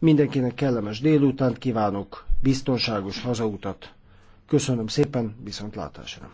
Mindenkinek kellemes délutánt kívánok, biztonságos hazautat. Köszönöm szépen, viszontlátásra!